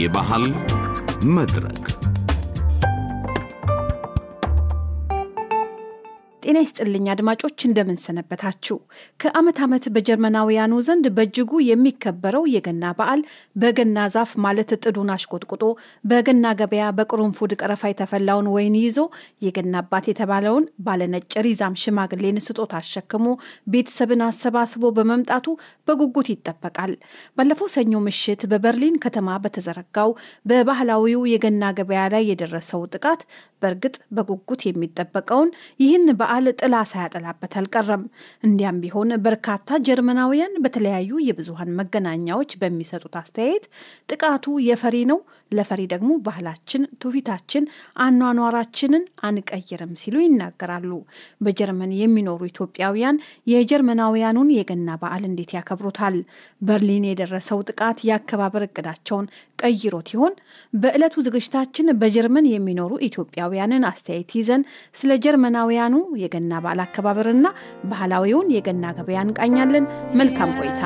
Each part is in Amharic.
የባህል መድረክ ጤና ይስጥልኝ አድማጮች፣ እንደምንሰነበታችሁ። ከዓመት ዓመት በጀርመናውያኑ ዘንድ በእጅጉ የሚከበረው የገና በዓል በገና ዛፍ ማለት ጥዱን አሽቆጥቁጦ በገና ገበያ በቅርንፉድ ቀረፋ የተፈላውን ወይን ይዞ የገና አባት የተባለውን ባለነጭ ሪዛም ሽማግሌን ስጦታ አሸክሞ ቤተሰብን አሰባስቦ በመምጣቱ በጉጉት ይጠበቃል። ባለፈው ሰኞ ምሽት በበርሊን ከተማ በተዘረጋው በባህላዊው የገና ገበያ ላይ የደረሰው ጥቃት በእርግጥ በጉጉት የሚጠበቀውን ይህን በዓል ቃል ጥላ ሳያጠላበት አልቀረም። እንዲያም ቢሆን በርካታ ጀርመናውያን በተለያዩ የብዙሀን መገናኛዎች በሚሰጡት አስተያየት ጥቃቱ የፈሪ ነው፣ ለፈሪ ደግሞ ባህላችን፣ ትውፊታችን፣ አኗኗራችንን አንቀይርም ሲሉ ይናገራሉ። በጀርመን የሚኖሩ ኢትዮጵያውያን የጀርመናውያኑን የገና በዓል እንዴት ያከብሩታል? በርሊን የደረሰው ጥቃት የአከባበር እቅዳቸውን ቀይሮት ይሆን? በዕለቱ ዝግጅታችን በጀርመን የሚኖሩ ኢትዮጵያውያንን አስተያየት ይዘን ስለ ጀርመናውያኑ የገና በዓል አከባበርና ባህላዊውን የገና ገበያ እንቃኛለን። መልካም ቆይታ።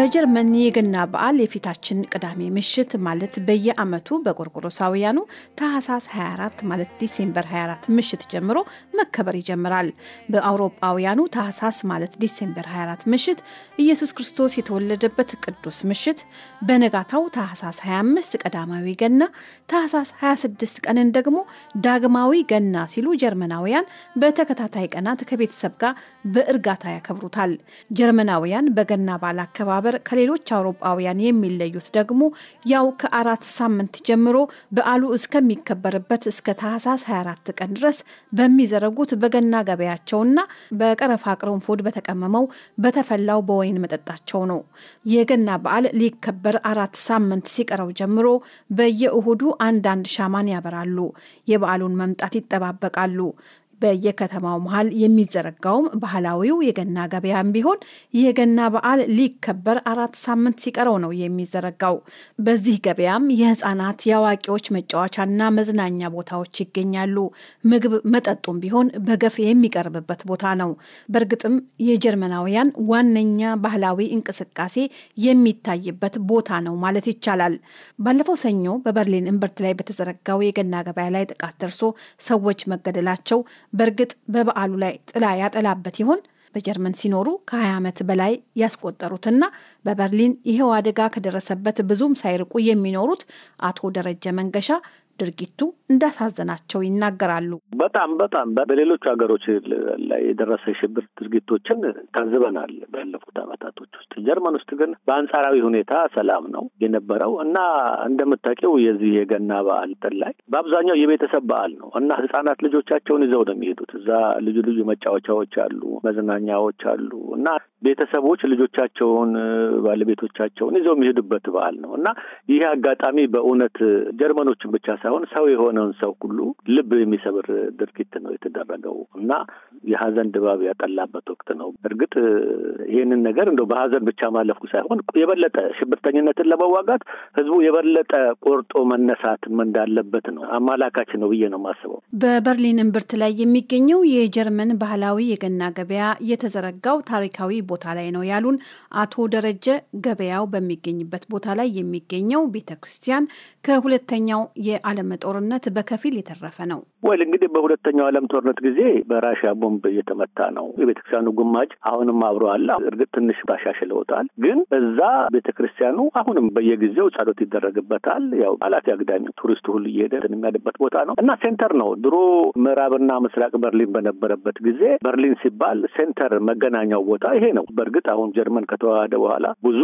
በጀርመን የገና በዓል የፊታችን ቅዳሜ ምሽት ማለት በየዓመቱ በጎርጎሮሳውያኑ ታህሳስ 24 ማለት ዲሴምበር 24 ምሽት ጀምሮ መከበር ይጀምራል። በአውሮፓውያኑ ታህሳስ ማለት ዲሴምበር 24 ምሽት ኢየሱስ ክርስቶስ የተወለደበት ቅዱስ ምሽት፣ በነጋታው ታህሳስ 25 ቀዳማዊ ገና፣ ታህሳስ 26 ቀንን ደግሞ ዳግማዊ ገና ሲሉ ጀርመናውያን በተከታታይ ቀናት ከቤተሰብ ጋር በእርጋታ ያከብሩታል። ጀርመናውያን በገና በዓል አከባበር ማህበር ከሌሎች አውሮፓውያን የሚለዩት ደግሞ ያው ከአራት ሳምንት ጀምሮ በዓሉ እስከሚከበርበት እስከ ታህሳስ 24 ቀን ድረስ በሚዘረጉት በገና ገበያቸውና በቀረፋ ቅርንፉድ በተቀመመው በተፈላው በወይን መጠጣቸው ነው። የገና በዓል ሊከበር አራት ሳምንት ሲቀረው ጀምሮ በየእሁዱ አንዳንድ ሻማን ያበራሉ። የበዓሉን መምጣት ይጠባበቃሉ። በየከተማው መሀል የሚዘረጋውም ባህላዊው የገና ገበያም ቢሆን የገና በዓል ሊከበር አራት ሳምንት ሲቀረው ነው የሚዘረጋው። በዚህ ገበያም የህፃናት የአዋቂዎች መጫወቻና መዝናኛ ቦታዎች ይገኛሉ። ምግብ መጠጡም ቢሆን በገፍ የሚቀርብበት ቦታ ነው። በእርግጥም የጀርመናውያን ዋነኛ ባህላዊ እንቅስቃሴ የሚታይበት ቦታ ነው ማለት ይቻላል። ባለፈው ሰኞ በበርሊን እምብርት ላይ በተዘረጋው የገና ገበያ ላይ ጥቃት ደርሶ ሰዎች መገደላቸው በእርግጥ በበዓሉ ላይ ጥላ ያጠላበት ይሆን? በጀርመን ሲኖሩ ከ20 ዓመት በላይ ያስቆጠሩትና በበርሊን ይሄው አደጋ ከደረሰበት ብዙም ሳይርቁ የሚኖሩት አቶ ደረጀ መንገሻ ድርጊቱ እንዳሳዘናቸው ይናገራሉ። በጣም በጣም በሌሎች ሀገሮች ላይ የደረሰ የሽብር ድርጊቶችን ታዝበናል ባለፉት አመታቶች ውስጥ። ጀርመን ውስጥ ግን በአንጻራዊ ሁኔታ ሰላም ነው የነበረው እና እንደምታውቂው የዚህ የገና በዓል ጥር ላይ በአብዛኛው የቤተሰብ በዓል ነው እና ህጻናት ልጆቻቸውን ይዘው ነው የሚሄዱት። እዛ ልዩ ልዩ መጫወቻዎች አሉ፣ መዝናኛዎች አሉ እና ቤተሰቦች ልጆቻቸውን ባለቤቶቻቸውን ይዘው የሚሄዱበት በዓል ነው እና ይህ አጋጣሚ በእውነት ጀርመኖችን ብቻ ሳይሆን ሰው የሆነውን ሰው ሁሉ ልብ የሚሰብር ድርጊት ነው የተደረገው እና የሀዘን ድባብ ያጠላበት ወቅት ነው። እርግጥ ይህንን ነገር እንደው በሀዘን ብቻ ማለፉ ሳይሆን የበለጠ ሽብርተኝነትን ለመዋጋት ህዝቡ የበለጠ ቆርጦ መነሳትም እንዳለበት ነው አመላካች ነው ብዬ ነው የማስበው። በበርሊን እምብርት ላይ የሚገኘው የጀርመን ባህላዊ የገና ገበያ የተዘረጋው ታሪካዊ ቦታ ላይ ነው ያሉን አቶ ደረጀ ገበያው በሚገኝበት ቦታ ላይ የሚገኘው ቤተ ክርስቲያን ከሁለተኛው የዓለም ዓለም ጦርነት በከፊል የተረፈ ነው። ወይል እንግዲህ በሁለተኛው ዓለም ጦርነት ጊዜ በራሽያ ቦምብ እየተመታ ነው። የቤተክርስቲያኑ ግማጅ አሁንም አብሮ አለ። እርግጥ ትንሽ ታሻሽለውታል፣ ግን እዛ ቤተክርስቲያኑ አሁንም በየጊዜው ጸሎት ይደረግበታል። ያው አላፊ አግዳሚ ቱሪስቱ ሁሉ እየሄደ የሚያድበት ቦታ ነው እና ሴንተር ነው። ድሮ ምዕራብና ምስራቅ በርሊን በነበረበት ጊዜ በርሊን ሲባል ሴንተር መገናኛው ቦታ ይሄ ነው። በእርግጥ አሁን ጀርመን ከተዋሃደ በኋላ ብዙ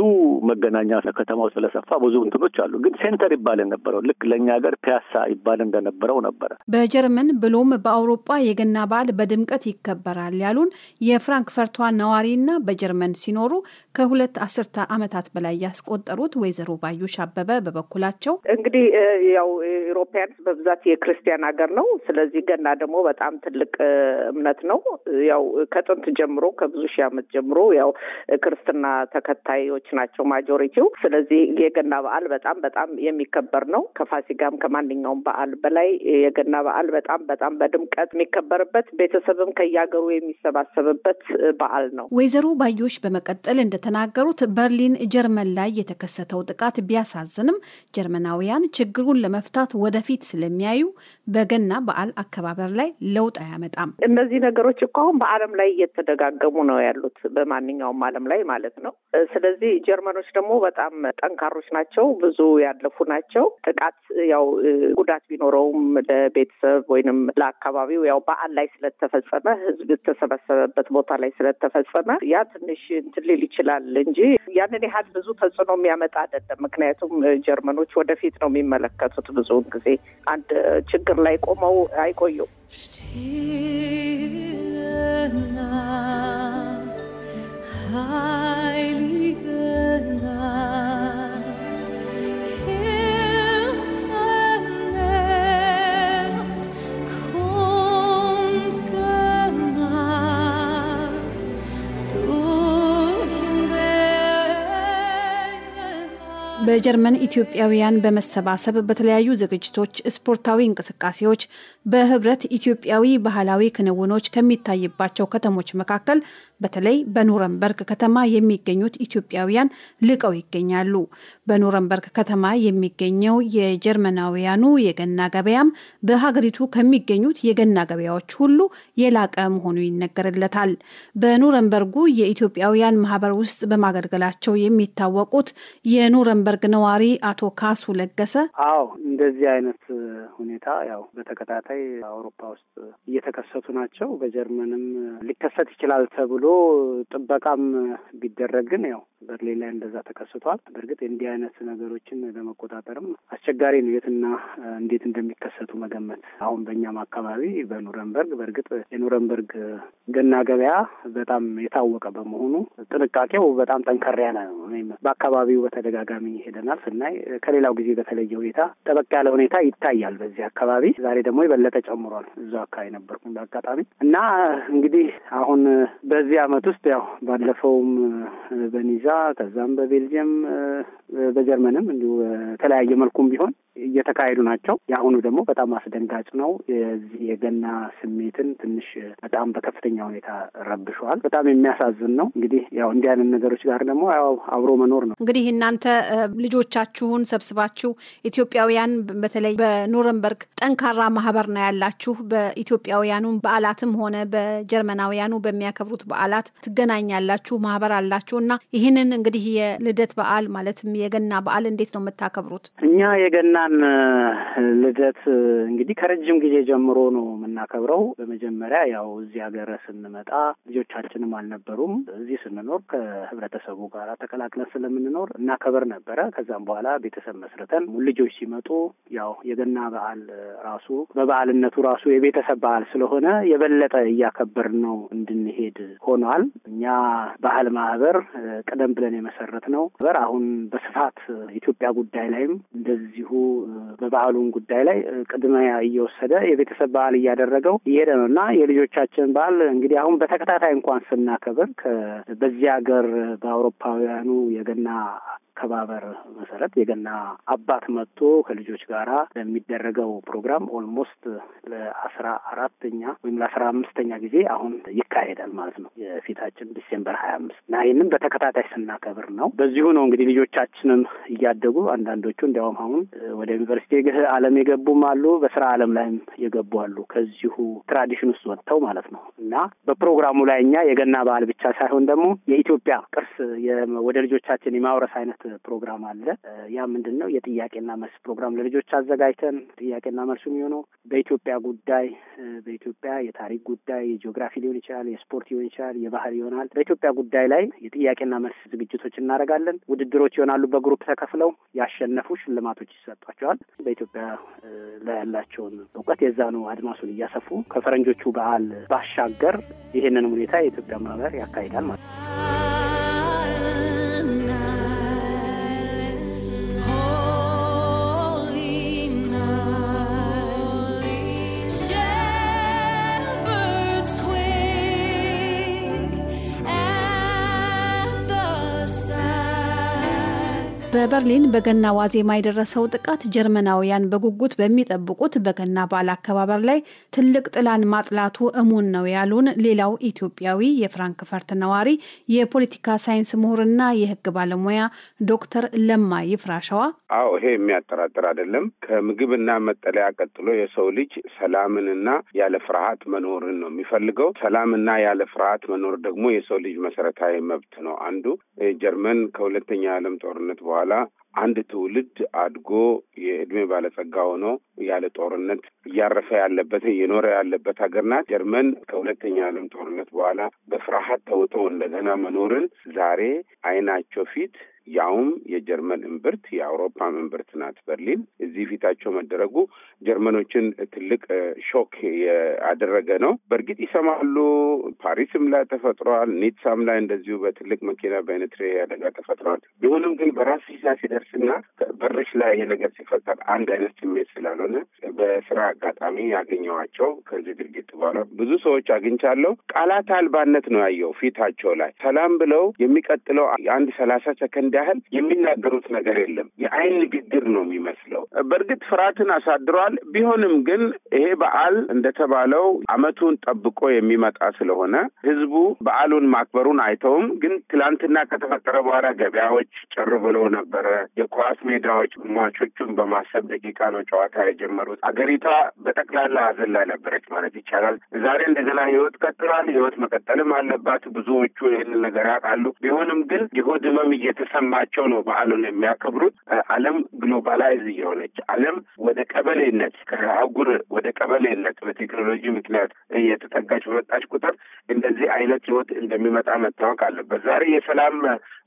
መገናኛ ከተማው ስለሰፋ ብዙ እንትኖች አሉ፣ ግን ሴንተር ይባል የነበረው ልክ ለእኛ ሀገር ፒያ ፒያሳ ይባል እንደነበረው ነበረ። በጀርመን ብሎም በአውሮጳ የገና በዓል በድምቀት ይከበራል ያሉን የፍራንክፈርቷ ነዋሪና በጀርመን ሲኖሩ ከሁለት አስርተ ዓመታት በላይ ያስቆጠሩት ወይዘሮ ባዩሽ አበበ በበኩላቸው እንግዲህ ያው ኢሮፓያንስ በብዛት የክርስቲያን ሀገር ነው። ስለዚህ ገና ደግሞ በጣም ትልቅ እምነት ነው። ያው ከጥንት ጀምሮ ከብዙ ሺህ ዓመት ጀምሮ ያው ክርስትና ተከታዮች ናቸው ማጆሪቲው። ስለዚህ የገና በዓል በጣም በጣም የሚከበር ነው ከፋሲጋም ከማ ከማንኛውም በዓል በላይ የገና በዓል በጣም በጣም በድምቀት የሚከበርበት ቤተሰብም ከያገሩ የሚሰባሰብበት በዓል ነው። ወይዘሮ ባዮሽ በመቀጠል እንደተናገሩት በርሊን ጀርመን ላይ የተከሰተው ጥቃት ቢያሳዝንም ጀርመናውያን ችግሩን ለመፍታት ወደፊት ስለሚያዩ በገና በዓል አከባበር ላይ ለውጥ አያመጣም። እነዚህ ነገሮች እኮ አሁን በዓለም ላይ እየተደጋገሙ ነው ያሉት በማንኛውም ዓለም ላይ ማለት ነው። ስለዚህ ጀርመኖች ደግሞ በጣም ጠንካሮች ናቸው። ብዙ ያለፉ ናቸው። ጥቃት ያው ጉዳት ቢኖረውም ለቤተሰብ ወይንም ለአካባቢው ያው በዓል ላይ ስለተፈጸመ ህዝብ የተሰበሰበበት ቦታ ላይ ስለተፈጸመ ያ ትንሽ እንትን ሊል ይችላል እንጂ ያንን ያህል ብዙ ተጽዕኖ የሚያመጣ አይደለም። ምክንያቱም ጀርመኖች ወደፊት ነው የሚመለከቱት። ብዙውን ጊዜ አንድ ችግር ላይ ቆመው አይቆዩም። Stille በጀርመን ኢትዮጵያውያን በመሰባሰብ በተለያዩ ዝግጅቶች፣ ስፖርታዊ እንቅስቃሴዎች፣ በህብረት ኢትዮጵያዊ ባህላዊ ክንውኖች ከሚታይባቸው ከተሞች መካከል በተለይ በኑረንበርግ ከተማ የሚገኙት ኢትዮጵያውያን ልቀው ይገኛሉ። በኑረንበርግ ከተማ የሚገኘው የጀርመናውያኑ የገና ገበያም በሀገሪቱ ከሚገኙት የገና ገበያዎች ሁሉ የላቀ መሆኑ ይነገርለታል። በኑረንበርጉ የኢትዮጵያውያን ማህበር ውስጥ በማገልገላቸው የሚታወቁት የኑረንበርግ ነዋሪ አቶ ካሱ ለገሰ፣ አዎ እንደዚህ አይነት ሁኔታ ያው በተከታታይ አውሮፓ ውስጥ እየተከሰቱ ናቸው። በጀርመንም ሊከሰት ይችላል ተብሎ ጥበቃም ቢደረግ ግን ያው በርሊን ላይ እንደዛ ተከስቷል። በእርግጥ እንዲህ አይነት ነገሮችን ለመቆጣጠርም አስቸጋሪ ነው። የትና እንዴት እንደሚከሰቱ መገመት አሁን በእኛም አካባቢ በኑረንበርግ በእርግጥ የኑረንበርግ ገና ገበያ በጣም የታወቀ በመሆኑ ጥንቃቄው በጣም ጠንከር ያለ ነው። በአካባቢው በተደጋጋሚ ሄደናል ስናይ ከሌላው ጊዜ በተለየ ሁኔታ ጠበቅ ያለ ሁኔታ ይታያል በዚህ አካባቢ። ዛሬ ደግሞ የበለጠ ጨምሯል። እዛ አካባቢ ነበርኩኝ በአጋጣሚ እና እንግዲህ አሁን በዚህ አመት ውስጥ ያው ባለፈውም በኒዛ ከዛም በቤልጅየም በጀርመንም እንዲሁ በተለያየ መልኩም ቢሆን እየተካሄዱ ናቸው። የአሁኑ ደግሞ በጣም አስደንጋጭ ነው። የዚህ የገና ስሜትን ትንሽ በጣም በከፍተኛ ሁኔታ ረብሸዋል። በጣም የሚያሳዝን ነው። እንግዲህ ያው እንዲህ አይነት ነገሮች ጋር ደግሞ ያው አብሮ መኖር ነው። እንግዲህ እናንተ ልጆቻችሁን ሰብስባችሁ ኢትዮጵያውያን በተለይ በኑረንበርግ ጠንካራ ማህበር ነው ያላችሁ። በኢትዮጵያውያኑ በዓላትም ሆነ በጀርመናውያኑ በሚያከብሩት በዓላት ትገናኛላችሁ፣ ማህበር አላችሁ እና ይህንን እንግዲህ የልደት በዓል ማለትም የገና በዓል እንዴት ነው የምታከብሩት? የምታከብሩት? እኛ የገናን ልደት እንግዲህ ከረጅም ጊዜ ጀምሮ ነው የምናከብረው። በመጀመሪያ ያው እዚህ ሀገር ስንመጣ ልጆቻችንም አልነበሩም። እዚህ ስንኖር ከህብረተሰቡ ጋር ተቀላቅለን ስለምንኖር እናከብር ነበረ። ከዛም በኋላ ቤተሰብ መስርተን ልጆች ሲመጡ ያው የገና በዓል ራሱ በበዓልነቱ ራሱ የቤተሰብ በዓል ስለሆነ የበለጠ እያከበር ነው እንድንሄድ ሆኗል። እኛ ባህል ማህበር ቀደም ብለን የመሰረት ነው በር አሁን በስፋት ኢትዮጵያ ጉዳይ ላይ ላይም እንደዚሁ በበዓሉም ጉዳይ ላይ ቅድሚያ እየወሰደ የቤተሰብ በዓል እያደረገው እየሄደ ነው እና የልጆቻችን በዓል እንግዲህ አሁን በተከታታይ እንኳን ስናከብር በዚህ ሀገር በአውሮፓውያኑ የገና አከባበር መሰረት የገና አባት መጥቶ ከልጆች ጋር ለሚደረገው ፕሮግራም ኦልሞስት ለአስራ አራተኛ ወይም ለአስራ አምስተኛ ጊዜ አሁን ይካሄዳል ማለት ነው። የፊታችን ዲሴምበር ሀያ አምስት እና ይህንም በተከታታይ ስናከብር ነው። በዚሁ ነው እንግዲህ ልጆቻችንም እያደጉ አንዳንዶቹ እንዲያውም አሁን ወደ ዩኒቨርሲቲ አለም የገቡም አሉ፣ በስራ ዓለም ላይም የገቡ አሉ። ከዚሁ ትራዲሽን ውስጥ ወጥተው ማለት ነው እና በፕሮግራሙ ላይ እኛ የገና በዓል ብቻ ሳይሆን ደግሞ የኢትዮጵያ ቅርስ ወደ ልጆቻችን የማውረስ አይነት ፕሮግራም አለ። ያ ምንድን ነው? የጥያቄና መልስ ፕሮግራም ለልጆች አዘጋጅተን ጥያቄና መልሱ የሚሆነው በኢትዮጵያ ጉዳይ በኢትዮጵያ የታሪክ ጉዳይ፣ የጂኦግራፊ ሊሆን ይችላል፣ የስፖርት ሊሆን ይችላል፣ የባህል ይሆናል። በኢትዮጵያ ጉዳይ ላይ የጥያቄና መልስ ዝግጅቶች እናደርጋለን። ውድድሮች ይሆናሉ። በግሩፕ ተከፍለው ያሸነፉ ሽልማቶች ይሰጧቸዋል። በኢትዮጵያ ላይ ያላቸውን እውቀት የዛ ነው አድማሱን እያሰፉ ከፈረንጆቹ በዓል ባሻገር ይህንን ሁኔታ የኢትዮጵያ ማህበር ያካሂዳል ማለት ነው። በበርሊን በገና ዋዜማ የደረሰው ጥቃት ጀርመናውያን በጉጉት በሚጠብቁት በገና በዓል አከባበር ላይ ትልቅ ጥላን ማጥላቱ እሙን ነው ያሉን ሌላው ኢትዮጵያዊ የፍራንክፈርት ነዋሪ የፖለቲካ ሳይንስ ምሁርና የሕግ ባለሙያ ዶክተር ለማ ይፍራሸዋ፣ አዎ ይሄ የሚያጠራጥር አይደለም። ከምግብና መጠለያ ቀጥሎ የሰው ልጅ ሰላምንና ያለ ፍርሃት መኖርን ነው የሚፈልገው። ሰላምና ያለ ፍርሃት መኖር ደግሞ የሰው ልጅ መሰረታዊ መብት ነው። አንዱ ጀርመን ከሁለተኛ አለም ጦርነት በኋላ በኋላ አንድ ትውልድ አድጎ የእድሜ ባለጸጋ ሆኖ ያለ ጦርነት እያረፈ ያለበት እየኖረ ያለበት ሀገር ናት። ጀርመን ከሁለተኛ ዓለም ጦርነት በኋላ በፍርሃት ተውጦ እንደገና መኖርን ዛሬ አይናቸው ፊት ያውም የጀርመን እምብርት የአውሮፓም እምብርት ናት በርሊን። እዚህ ፊታቸው መደረጉ ጀርመኖችን ትልቅ ሾክ ያደረገ ነው። በእርግጥ ይሰማሉ። ፓሪስም ላይ ተፈጥሯል። ኒትሳም ላይ እንደዚሁ በትልቅ መኪና በአይነት አደጋ ተፈጥሯል። ቢሆንም ግን በራስ ሂሳ ሲደርስና በርሽ ላይ ይሄ ነገር ሲፈጠር አንድ አይነት ስሜት ስላልሆነ በስራ አጋጣሚ ያገኘዋቸው ከዚህ ድርጊት በኋላ ብዙ ሰዎች አግኝቻለሁ። ቃላት አልባነት ነው ያየው ፊታቸው ላይ ሰላም ብለው የሚቀጥለው አንድ ሰላሳ ሰከንድ ያህል የሚናገሩት ነገር የለም። የአይን ግድር ነው የሚመስለው። በእርግጥ ፍርሃትን አሳድሯል። ቢሆንም ግን ይሄ በዓል እንደተባለው አመቱን ጠብቆ የሚመጣ ስለሆነ ህዝቡ በዓሉን ማክበሩን አይተውም። ግን ትላንትና ከተፈጠረ በኋላ ገበያዎች ጭር ብለው ነበረ። የኳስ ሜዳዎች ሟቾቹን በማሰብ ደቂቃ ነው ጨዋታ የጀመሩት። አገሪቷ በጠቅላላ ሀዘን ላይ ነበረች ማለት ይቻላል። ዛሬ እንደገና ህይወት ቀጥሏል። ህይወት መቀጠልም አለባት። ብዙዎቹ ይህንን ነገር ያውቃሉ። ቢሆንም ግን የሆድ ህመም እየተሰማ እየተሰማቸው ነው በዓሉን የሚያከብሩት። ዓለም ግሎባላይዝ እየሆነች ዓለም ወደ ቀበሌነት ከአህጉር ወደ ቀበሌነት በቴክኖሎጂ ምክንያት እየተጠጋች በመጣች ቁጥር እንደዚህ አይነት ህይወት እንደሚመጣ መታወቅ አለበት። ዛሬ የሰላም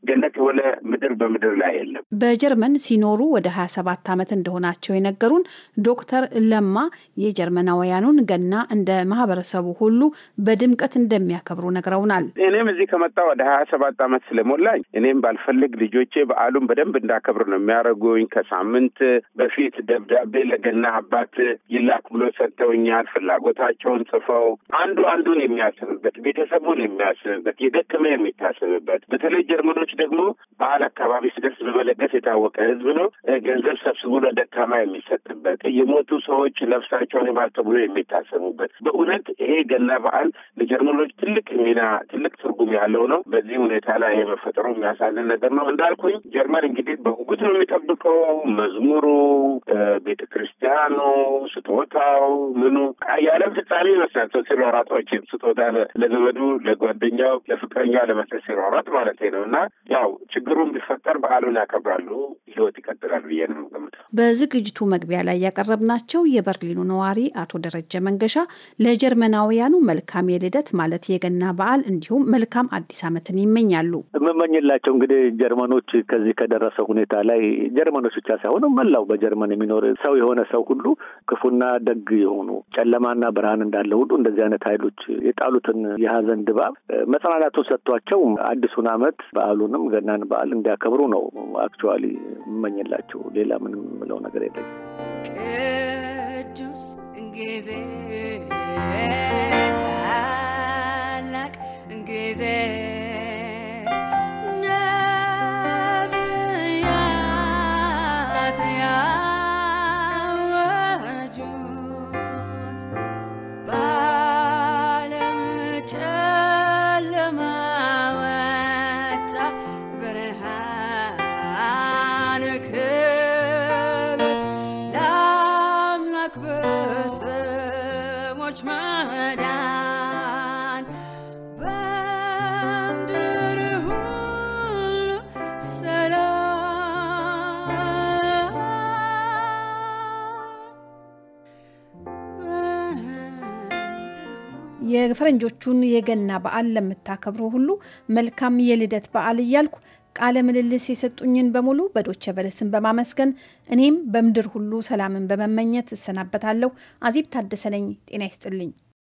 ገነት የሆነ ምድር በምድር ላይ የለም። በጀርመን ሲኖሩ ወደ ሀያ ሰባት ዓመት እንደሆናቸው የነገሩን ዶክተር ለማ የጀርመናውያኑን ገና እንደ ማህበረሰቡ ሁሉ በድምቀት እንደሚያከብሩ ነግረውናል። እኔም እዚህ ከመጣ ወደ ሀያ ሰባት ዓመት ስለሞላኝ እኔም ባልፈልግ ልጆቼ በዓሉን በደንብ እንዳከብር ነው የሚያደርጉኝ። ከሳምንት በፊት ደብዳቤ ለገና አባት ይላክ ብሎ ሰጥተውኛል። ፍላጎታቸውን ጽፈው አንዱ አንዱን የሚያስብበት ቤተሰቡን የሚያስብበት የደከመ የሚታስብበት በተለይ ጀርመኖች ለሌሎች ደግሞ በዓል አካባቢ ሲደርስ በመለገስ የታወቀ ህዝብ ነው። ገንዘብ ሰብስቦ ለደካማ የሚሰጥበት የሞቱ ሰዎች ነፍሳቸውን ይማር ተብሎ የሚታሰሙበት በእውነት ይሄ ገና በዓል ለጀርመኖች ትልቅ ሚና ትልቅ ትርጉም ያለው ነው። በዚህ ሁኔታ ላይ የመፈጠሩ የሚያሳዝን ነገር ነው። እንዳልኩኝ ጀርመን እንግዲህ በጉጉት ነው የሚጠብቀው። መዝሙሩ፣ ቤተ ክርስቲያኑ፣ ስጦታው ምኑ የዓለም ፍጻሜ ይመስላል። ሰው ሲሯሯጥ ስጦታ ለዘመዱ፣ ለጓደኛው፣ ለፍቅረኛው ለመስጠት ሲሯሯጥ ማለት ነው እና ያው ችግሩ እንዲፈጠር በዓሉን ያከብራሉ፣ ህይወት ይቀጥላል ብዬ ነው የምገምተው። በዝግጅቱ መግቢያ ላይ ያቀረብናቸው የበርሊኑ ነዋሪ አቶ ደረጀ መንገሻ ለጀርመናውያኑ መልካም የልደት ማለት የገና በዓል እንዲሁም መልካም አዲስ ዓመትን ይመኛሉ። የምመኝላቸው እንግዲህ ጀርመኖች ከዚህ ከደረሰው ሁኔታ ላይ ጀርመኖች ብቻ ሳይሆኑ መላው በጀርመን የሚኖር ሰው የሆነ ሰው ሁሉ ክፉና ደግ የሆኑ ጨለማና ብርሃን እንዳለ ሁሉ እንደዚህ አይነት ኃይሎች የጣሉትን የሀዘን ድባብ መጽናናቱን ሰጥቷቸው አዲሱን ዓመት በአሉ። ሁሉንም ገናን በዓል እንዲያከብሩ ነው አክቹዋሊ እመኝላቸው። ሌላ ምንም ምለው ነገር የለኝ። ቅዱስ እንጊዜ ታላቅ ጊዜ የፈረንጆቹን የገና በዓል ለምታከብሩ ሁሉ መልካም የልደት በዓል እያልኩ ቃለ ምልልስ የሰጡኝን በሙሉ በዶቸ በለስን በማመስገን እኔም በምድር ሁሉ ሰላምን በመመኘት እሰናበታለሁ። አዜብ ታደሰ ነኝ። ጤና ይስጥልኝ።